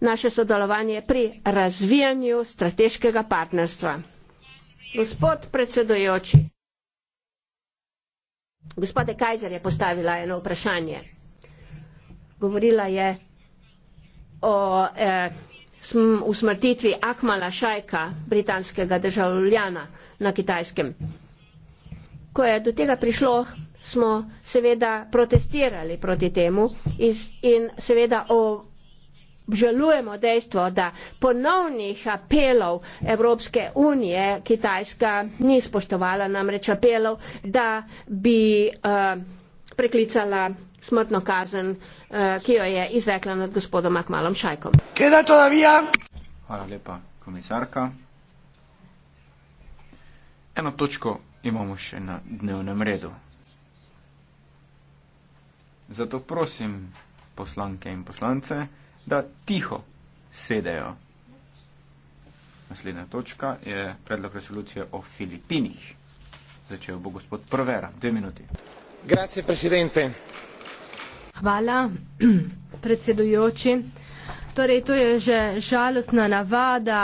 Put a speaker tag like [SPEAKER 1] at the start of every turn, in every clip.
[SPEAKER 1] naše sodelovanje pri razvijanju strateškega partnerstva. Gospod predsedojoči, gospode Kajzer je postavila eno vprašanje. Govorila je o eh, usmrtitvi Akmala Šajka, britanskega državljana na kitajskem. Ko je do tega prišlo, smo seveda protestirali proti temu in seveda o obžalujemo dejstvo, da ponovnih apelov Evropske unije Kitajska ni spoštovala namreč apelov, da bi uh, preklicala smrtno kazen, uh, ki jo je izrekla nad gospodom Akmalom Šajkom.
[SPEAKER 2] Hvala lepa, komisarka. Eno točko imamo še na dnevnem redu. Zato prosim poslanke in poslance, da tiho sedejo. Naslednja točka je predlog resolucije o Filipinih. Začel bo gospod Prvera, dve minuti. Grazie,
[SPEAKER 1] Hvala, predsedujoči. Torej, to je že žalostna navada,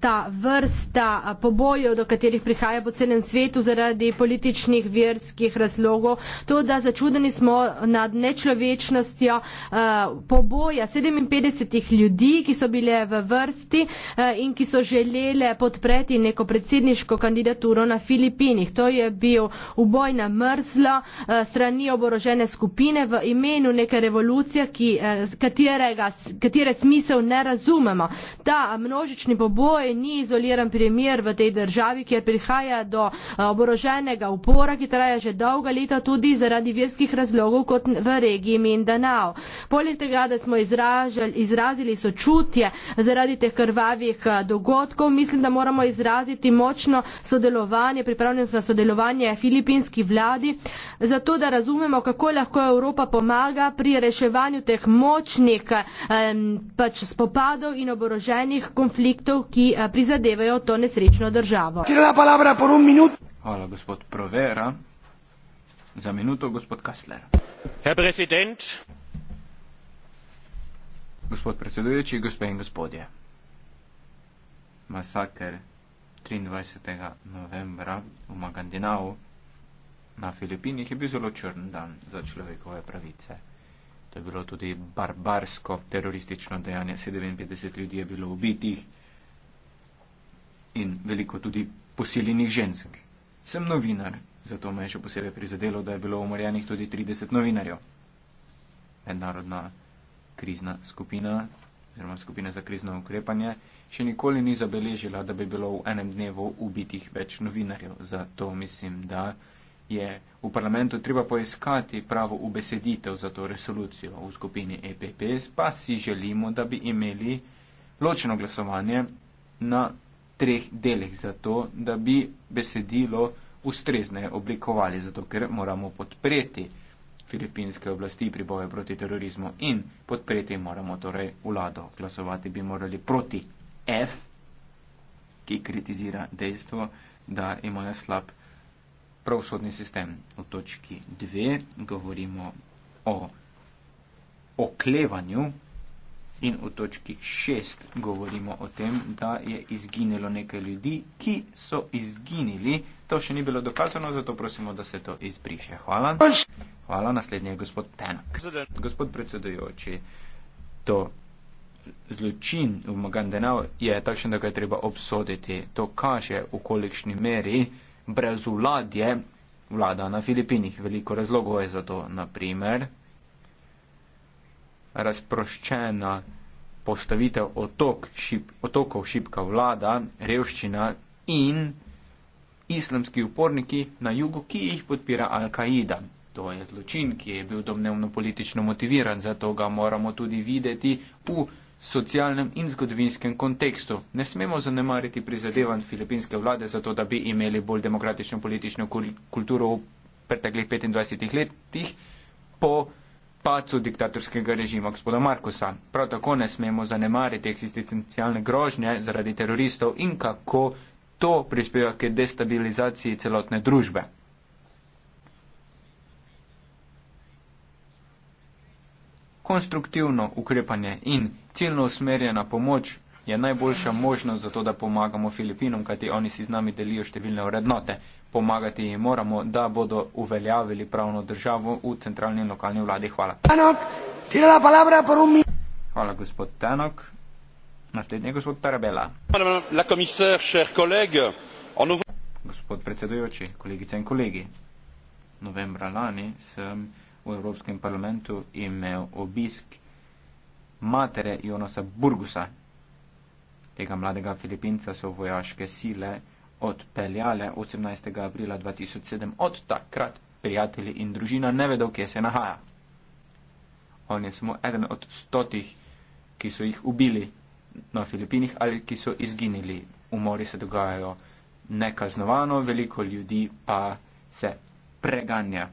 [SPEAKER 1] ta vrsta pobojev, do katerih prihaja po celem svetu zaradi političnih, verskih razlogov. To, da začudeni smo nad nečlovečnostjo poboja 57 ljudi, ki so bile v vrsti in ki so želele podpreti neko predsedniško kandidaturo na Filipinih. To je bil uboj na mrzlo strani oborožene skupine v imenu neke revolucije, ki, katerega katere smisel ne razumemo. Ta množični poboj ni izoliran primer v tej državi, kjer prihaja do eh, oboroženega upora, ki traja že dolga leta tudi zaradi verskih razlogov kot v regiji Mindanao. Poleg tega, da smo izražali, izrazili sočutje zaradi teh krvavih eh, dogodkov, mislim, da moramo izraziti močno sodelovanje, pripravljenost na sodelovanje filipinski vladi, zato da razumemo, kako lahko Evropa pomaga pri reševanju teh močnih eh, pač spopadov in oboroženih konfliktov, ki eh, prizadevajo to nesrečno državo.
[SPEAKER 2] Hvala, gospod Provera. Za minuto, gospod Kasler. Gospod predsedujoči, gospe in gospodje. Masaker 23. novembra v Magandinau na Filipinih je bil zelo črn dan za človekove pravice. To je bilo tudi barbarsko teroristično dejanje. 57 ljudi je bilo ubitih in veliko tudi posiljenih žensk. Sem novinar, zato me je še posebej prizadelo, da je bilo umorjenih tudi 30 novinarjev. Mednarodna krizna skupina, oziroma skupina za krizno ukrepanje, še nikoli ni zabeležila, da bi bilo v enem dnevu ubitih več novinarjev. Zato mislim, da je v parlamentu treba poiskati pravo ubeseditev za to resolucijo. V skupini EPPS pa si želimo, da bi imeli ločeno glasovanje na treh delih za to, da bi besedilo ustrezne oblikovali, zato ker moramo podpreti filipinske oblasti pri boju proti terorizmu in podpreti moramo torej vlado. Glasovati bi morali proti F, ki kritizira dejstvo, da imajo slab pravosodni sistem. V točki 2 govorimo o oklevanju in v točki 6 govorimo o tem, da je izginilo nekaj ljudi, ki so izginili. To še ni bilo dokazano, zato prosimo, da se to izbriše. Hvala. Hvala, naslednji je gospod Tenak. Gospod predsedujoči, to zločin v Magandenau je takšen, da ga je treba obsoditi. To kaže, v kolikšni meri brezvladje vlada na Filipinih. Veliko razlogov je za to, naprimer razproščena postavitev otok, šip, otokov šipka vlada, revščina in islamski uporniki na jugu, ki jih podpira Al-Kaida. To je zločin, ki je bil domnevno politično motiviran, zato ga moramo tudi videti v socialnem in zgodovinskem kontekstu. Ne smemo zanemariti prizadevanj filipinske vlade za to, da bi imeli bolj demokratično politično kulturo v preteklih 25 letih po pacu diktatorskega režima gospoda Markusa. Prav tako ne smemo zanemariti eksistencialne grožnje zaradi teroristov in kako to prispeva k destabilizaciji celotne družbe. Konstruktivno ukrepanje in ciljno usmerjena pomoč je najboljša možnost za to, da pomagamo Filipinom, kajti oni si z nami delijo številne vrednote. Pomagati jim moramo, da bodo uveljavili pravno državo v centralni in lokalni vladi. Hvala. Hvala, gospod Tenok. Naslednji je gospod Tarabela. Gospod predsedujoči, kolegice in kolegi. Novembra lani sem v Evropskem parlamentu imel obisk matere Jonasa Burgusa. Tega mladega Filipinca so vojaške sile odpeljale 18. aprila 2007. Od takrat prijatelji in družina ne vedo, kje se nahaja. On je samo eden od stotih, ki so jih ubili na Filipinih ali ki so izginili. Umori se dogajajo nekaznovano, veliko ljudi pa se preganja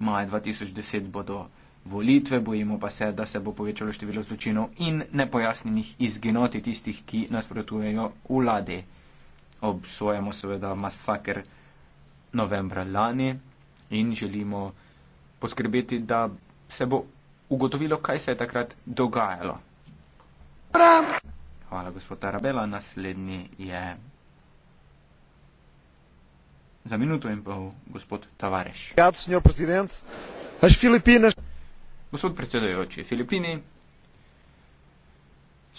[SPEAKER 2] maja 2010 bodo volitve, bojimo pa se, da se bo povečalo število zločinov in nepojasnjenih izginoti tistih, ki nasprotujejo vlade. Obsojamo seveda masaker novembra lani in želimo poskrbeti, da se bo ugotovilo, kaj se je takrat dogajalo. Hvala, gospod Arabela. Naslednji je za minuto in pol gospod Tavares. Gospod predsedujoči, Filipini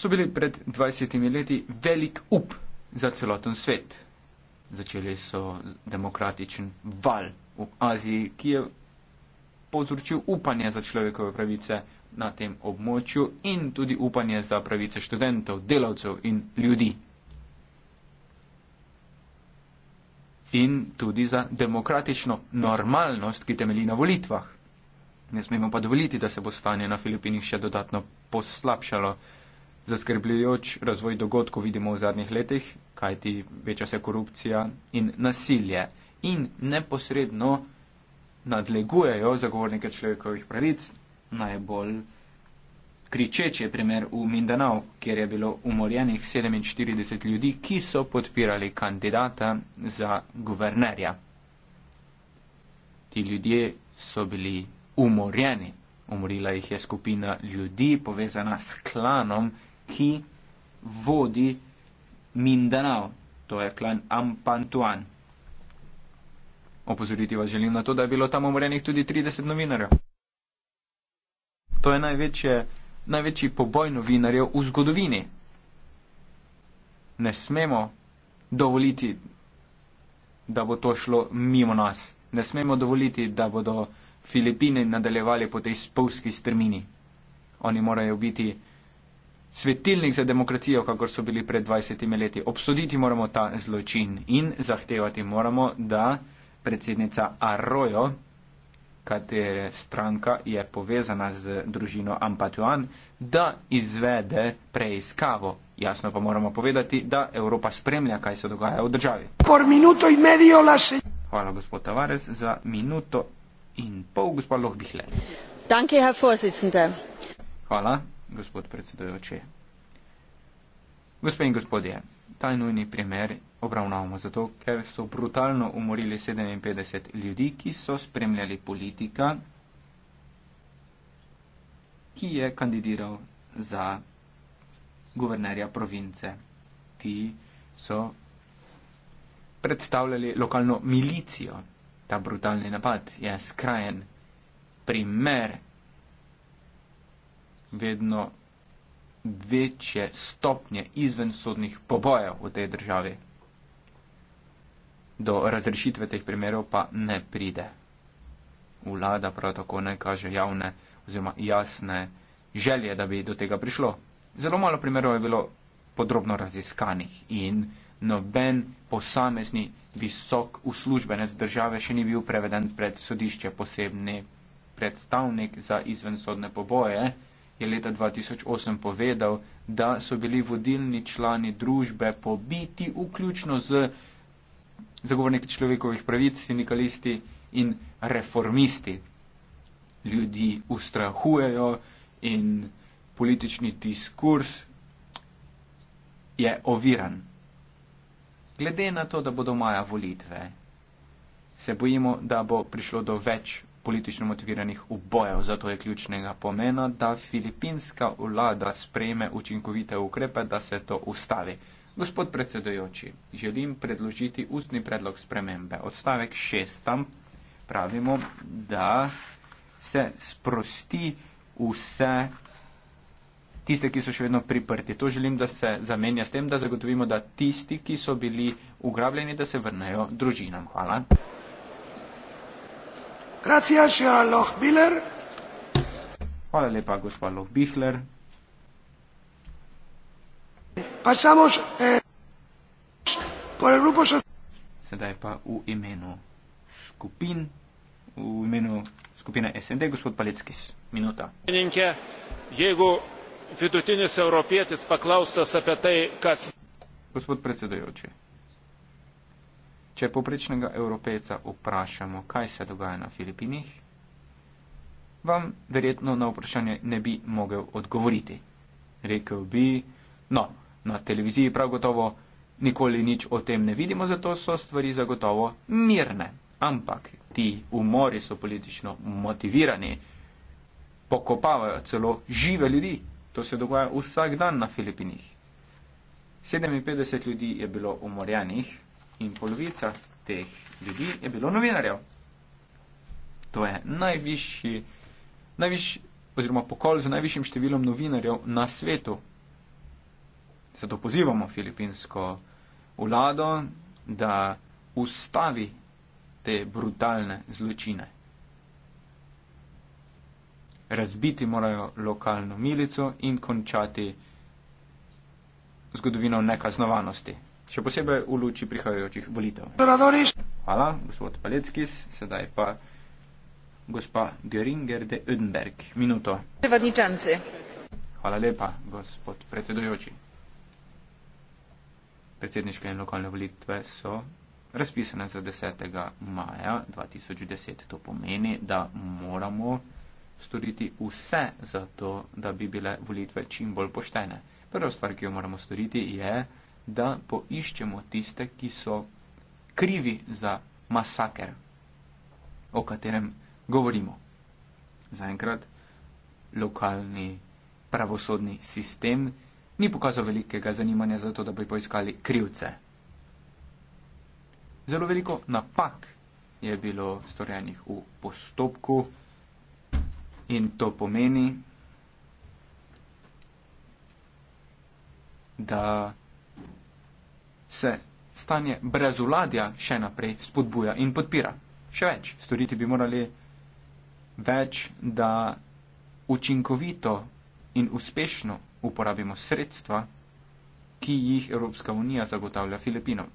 [SPEAKER 2] so bili pred 20 leti velik up za celoten svet. Začeli so demokratičen val v Aziji, ki je povzročil upanje za človekove pravice na tem območju in tudi upanje za pravice študentov, delavcev in ljudi in tudi za demokratično normalnost, ki temelji na volitvah. Ne smemo pa dovoliti, da se bo stanje na Filipinih še dodatno poslabšalo. Zaskrbljujoč razvoj dogodkov vidimo v zadnjih letih, kajti veča se korupcija in nasilje in neposredno nadlegujejo zagovornike človekovih pravic najbolj kričeč je primer v Mindanao, kjer je bilo umorjenih 47 ljudi, ki so podpirali kandidata za guvernerja. Ti ljudje so bili umorjeni. Umorila jih je skupina ljudi povezana s klanom, ki vodi Mindanao. To je klan Ampantuan. Opozoriti vas želim na to, da je bilo tam umorjenih tudi 30 novinarjev. To je največje največji poboj novinarjev v zgodovini. Ne smemo dovoliti, da bo to šlo mimo nas. Ne smemo dovoliti, da bodo Filipine nadaljevali po tej spolski strmini. Oni morajo biti svetilnik za demokracijo, kakor so bili pred 20 leti. Obsoditi moramo ta zločin in zahtevati moramo, da predsednica Arrojo katere stranka je povezana z družino Ampatuan, da izvede preiskavo. Jasno pa moramo povedati, da Evropa spremlja, kaj se dogaja v državi. Hvala, gospod Tavares, za minuto in pol, gospod Lohbihle. Hvala, gospod predsedujoči. Gospe in gospodje, ta nujni primer obravnavamo zato, ker so brutalno umorili 57 ljudi, ki so spremljali politika, ki je kandidiral za guvernerja province. Ti so predstavljali lokalno milicijo. Ta brutalni napad je skrajen primer vedno večje stopnje izven sodnih pobojev v tej državi do razrešitve teh primerov pa ne pride. Vlada prav tako ne kaže javne oziroma jasne želje, da bi do tega prišlo. Zelo malo primerov je bilo podrobno raziskanih in noben posamezni visok uslužbenec države še ni bil preveden pred sodišče. Posebni predstavnik za izvensodne poboje je leta 2008 povedal, da so bili vodilni člani družbe pobiti vključno z zagovorniki človekovih pravic, sindikalisti in reformisti. Ljudi ustrahujejo in politični diskurs je oviran. Glede na to, da bodo maja volitve, se bojimo, da bo prišlo do več politično motiviranih ubojev. Zato je ključnega pomena, da filipinska vlada sprejme učinkovite ukrepe, da se to ustavi. Gospod predsedujoči, želim predložiti ustni predlog spremembe. Odstavek šestam pravimo, da se sprosti vse tiste, ki so še vedno priprti. To želim, da se zamenja s tem, da zagotovimo, da tisti, ki so bili ugrabljeni, da se vrnejo družinam. Hvala. Gracias, Hvala lepa, gospod Lohbihler.
[SPEAKER 1] Pasamos eh, por el grupo
[SPEAKER 2] Sedaj pa v imenu skupin, v imenu skupine SND, gospod Paleckis, minuta.
[SPEAKER 1] Meninke, jeigu
[SPEAKER 2] vidutinis europietis paklaustas apie tai, kas. Gospod predsedujoči, če poprečnega evropejca vprašamo, kaj se dogaja na Filipinih, vam verjetno na vprašanje ne bi mogel odgovoriti. Rekel bi, no, na televiziji prav gotovo nikoli nič o tem ne vidimo, zato so stvari zagotovo mirne. Ampak ti umori so politično motivirani, pokopavajo celo žive ljudi. To se dogaja vsak dan na Filipinih. 57 ljudi je bilo umorjenih in polovica teh ljudi je bilo novinarjev. To je najvišji, najviš, oziroma pokol z najvišjim številom novinarjev na svetu, Zato pozivamo filipinsko vlado, da ustavi te brutalne zločine. Razbiti morajo lokalno milico in končati zgodovino nekaznovanosti. Še posebej v luči prihajajočih volitev. Hvala, gospod Paleckis, sedaj pa gospa Göringer de Udenberg. Minuto. Hvala lepa, gospod predsedujoči. Predsedniške in lokalne volitve so razpisane za 10. maja 2010. To pomeni, da moramo storiti vse za to, da bi bile volitve čim bolj poštene. Prva stvar, ki jo moramo storiti, je, da poiščemo tiste, ki so krivi za masaker, o katerem govorimo. Zaenkrat, lokalni pravosodni sistem ni pokazal velikega zanimanja za to, da bi poiskali krivce. Zelo veliko napak je bilo storjenih v postopku in to pomeni, da se stanje brezuladja še naprej spodbuja in podpira. Še več, storiti bi morali več, da učinkovito in uspešno uporabimo sredstva, ki jih Evropska unija zagotavlja Filipinom.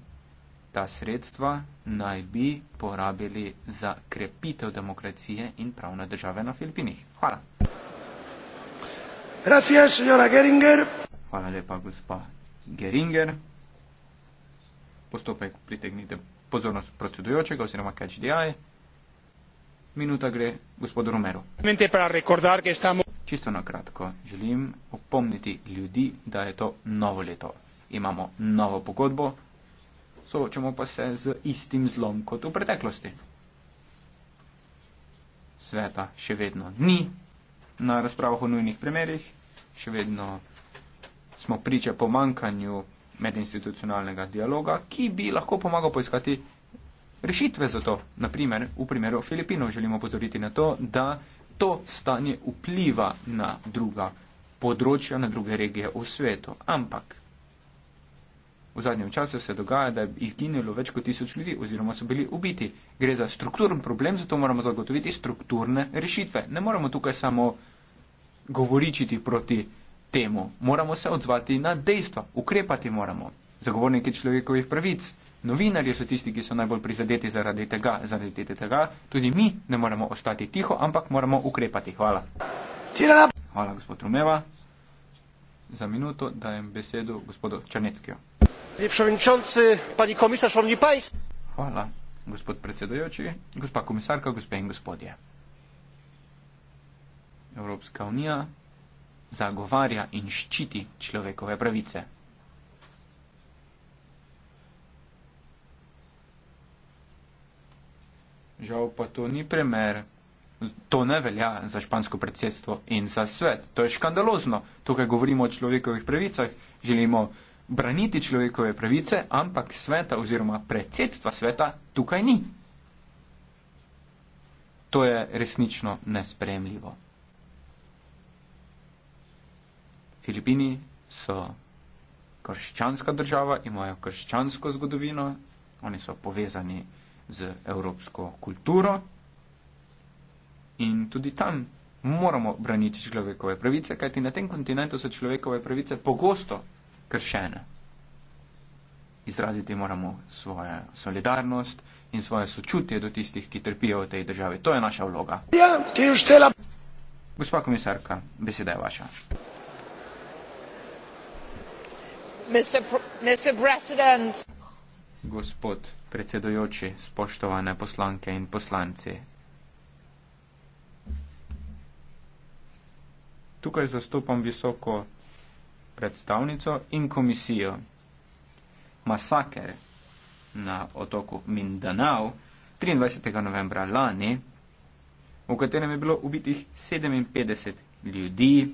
[SPEAKER 2] Ta sredstva naj bi porabili za krepitev demokracije in pravne države na Filipinih. Hvala. Gracias, Hvala lepa, gospa Geringer. Postopek pritegnite pozornost predsedujočega oziroma KHDI. Minuta gre gospodu Romero čisto na kratko želim opomniti ljudi, da je to novo leto. Imamo novo pogodbo, soočamo pa se z istim zlom kot v preteklosti. Sveta še vedno ni na razpravah o nujnih primerjih, še vedno smo priča pomankanju medinstitucionalnega dialoga, ki bi lahko pomagal poiskati rešitve za to. Naprimer, v primeru Filipinov želimo pozoriti na to, da to stanje vpliva na druga področja, na druge regije v svetu. Ampak v zadnjem času se dogaja, da je izginilo več kot tisoč ljudi oziroma so bili ubiti. Gre za strukturen problem, zato moramo zagotoviti strukturne rešitve. Ne moramo tukaj samo govoričiti proti temu. Moramo se odzvati na dejstva, ukrepati moramo. Zagovorniki človekovih pravic. Novinarji so tisti, ki so najbolj prizadeti zaradi tega, zaradi tega. Tudi mi ne moremo ostati tiho, ampak moramo ukrepati. Hvala. Hvala, gospod Rumeva. Za minuto dajem besedo gospodu Črneckiju. Hvala, gospod predsedojoči, gospa komisarka, gospe in gospodje. Evropska unija zagovarja in ščiti človekove pravice. Žal pa to ni primer. To ne velja za špansko predsedstvo in za svet. To je škandalozno. Tukaj govorimo o človekovih pravicah, želimo braniti človekove pravice, ampak sveta oziroma predsedstva sveta tukaj ni. To je resnično nespremljivo. Filipini so krščanska država, imajo krščansko zgodovino, oni so povezani z evropsko kulturo. In tudi tam moramo braniti človekove pravice, kajti na tem kontinentu so človekove pravice pogosto kršene. Izraziti moramo svojo solidarnost in svoje sočutje do tistih, ki trpijo v tej državi. To je naša vloga. Ja, ti je štela. Gospa komisarka, beseda je vaša. Mr. Pr Mr. Gospod predsedujoči, spoštovane poslanke in poslanci. Tukaj zastopam visoko predstavnico in komisijo. Masaker na otoku Mindanao 23. novembra lani, v katerem je bilo ubitih 57 ljudi,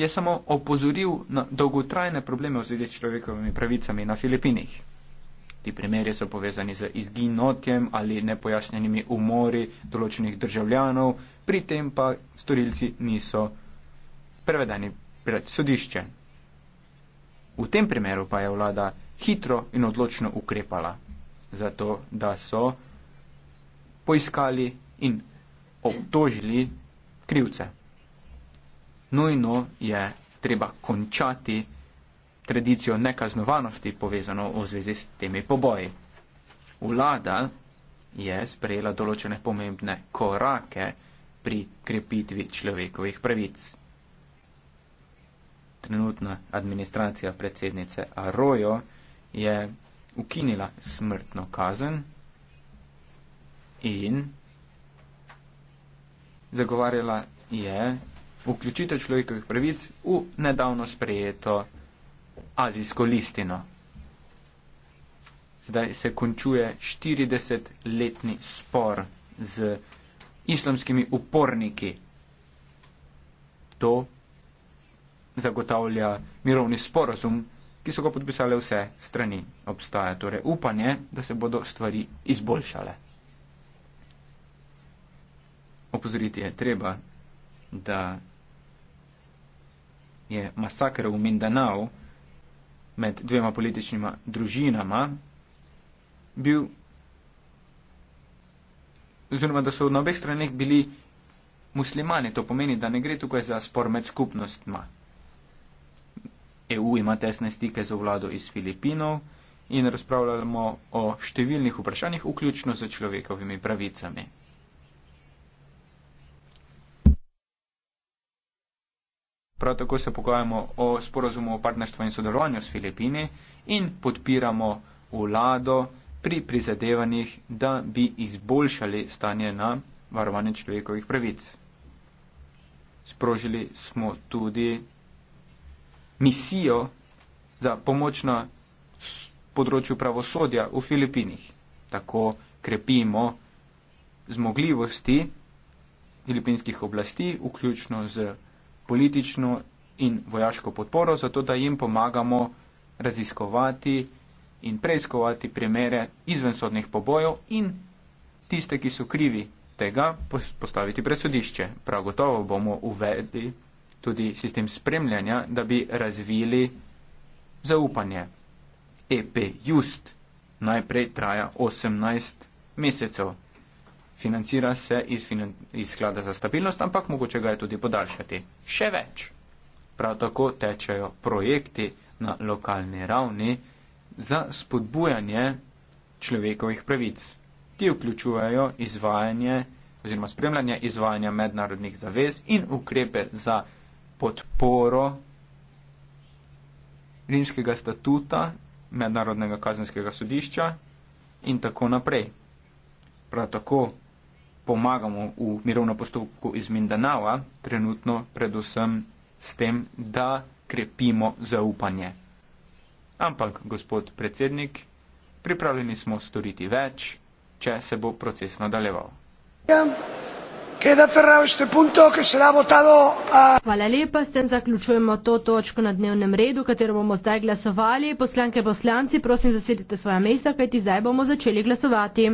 [SPEAKER 2] je samo opozoril na dolgotrajne probleme v zvezi s človekovimi pravicami na Filipinih. Ti primeri so povezani z izginotjem ali nepojasnjenimi umori določenih državljanov, pri tem pa storilci niso prevedeni pred sodišče. V tem primeru pa je vlada hitro in odločno ukrepala, zato da so poiskali in obtožili krivce. Nujno je treba končati tradicijo nekaznovanosti povezano v zvezi s temi poboji. Vlada je sprejela določene pomembne korake pri krepitvi človekovih pravic. Trenutna administracija predsednice Arojo je ukinila smrtno kazen in zagovarjala je vključitev človekovih pravic v nedavno sprejeto azijsko listino. Zdaj se končuje 40-letni spor z islamskimi uporniki. To zagotavlja mirovni sporozum, ki so ga podpisale vse strani. Obstaja torej upanje, da se bodo stvari izboljšale. Opozoriti je treba, da je masakr v Mindanao med dvema političnima družinama, bil, oziroma da so na obeh straneh bili muslimani. To pomeni, da ne gre tukaj za spor med skupnostma. EU ima tesne stike z vlado iz Filipinov in razpravljamo o številnih vprašanjih, vključno z človekovimi pravicami. Prav tako se pogovarjamo o sporozumu o partnerstvu in sodelovanju s Filipini in podpiramo vlado pri prizadevanjih, da bi izboljšali stanje na varovanje človekovih pravic. Sprožili smo tudi misijo za pomoč na področju pravosodja v Filipinih. Tako krepimo zmogljivosti filipinskih oblasti, vključno z politično in vojaško podporo, zato da jim pomagamo raziskovati in preiskovati primere izven sodnih pobojev in tiste, ki so krivi tega, postaviti presodišče. Prav gotovo bomo uvedli tudi sistem spremljanja, da bi razvili zaupanje. EP Just najprej traja 18 mesecev financira se iz, finan iz sklada za stabilnost, ampak mogoče ga je tudi podaljšati. Še več. Prav tako tečejo projekti na lokalni ravni za spodbujanje človekovih pravic. Ti vključujejo izvajanje oziroma spremljanje izvajanja mednarodnih zavez in ukrepe za podporo rimskega statuta, mednarodnega kazenskega sodišča in tako naprej. Prav tako pomagamo v mirovnem postopku iz Mindanava, trenutno predvsem s tem, da krepimo zaupanje. Ampak, gospod predsednik, pripravljeni smo storiti več, če se bo proces nadaljeval.
[SPEAKER 1] Hvala lepa, s tem zaključujemo to točko na dnevnem redu, katero bomo zdaj glasovali. Poslanke in poslanci, prosim, zasedite svoja mesta, kajti zdaj bomo začeli glasovati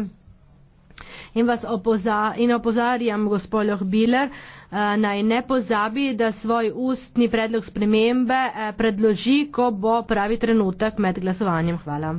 [SPEAKER 1] in vas opoza in opozarjam, gospod Biler, eh, naj ne pozabi, da svoj ustni predlog spremembe eh, predloži, ko bo pravi trenutek med glasovanjem. Hvala.